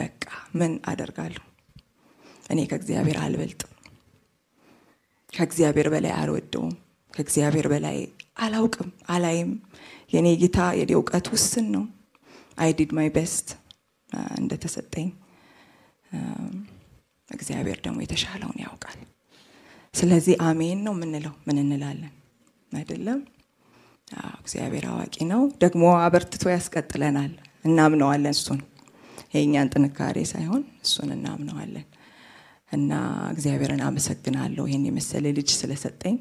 በቃ ምን አደርጋለሁ? እኔ ከእግዚአብሔር አልበልጥም። ከእግዚአብሔር በላይ አልወደውም። ከእግዚአብሔር በላይ አላውቅም፣ አላይም። የኔ ጌታ የኔ እውቀት ውስን ነው። አይዲድ ማይ ቤስት እንደተሰጠኝ፣ እግዚአብሔር ደግሞ የተሻለውን ያውቃል። ስለዚህ አሜን ነው ምንለው ምን እንላለን? አይደለም እግዚአብሔር አዋቂ ነው፣ ደግሞ አበርትቶ ያስቀጥለናል። እናምነዋለን እሱን የእኛን ጥንካሬ ሳይሆን እሱን እናምነዋለን እና እግዚአብሔርን አመሰግናለሁ ይህን የመሰለ ልጅ ስለሰጠኝ